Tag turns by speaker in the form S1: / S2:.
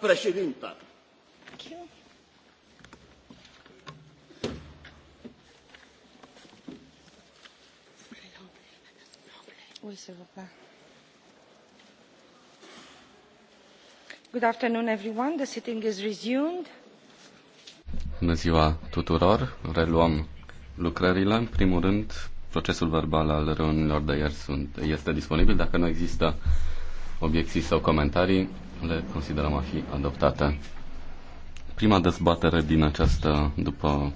S1: președintă.
S2: Good afternoon,
S3: everyone. The sitting is resumed.
S4: Bună ziua tuturor.
S5: Reluăm lucrările. În primul rând, procesul verbal al reuniunilor de ieri sunt, este disponibil. Dacă nu există obiecții sau comentarii, le considerăm a fi adoptate. Prima dezbatere din această după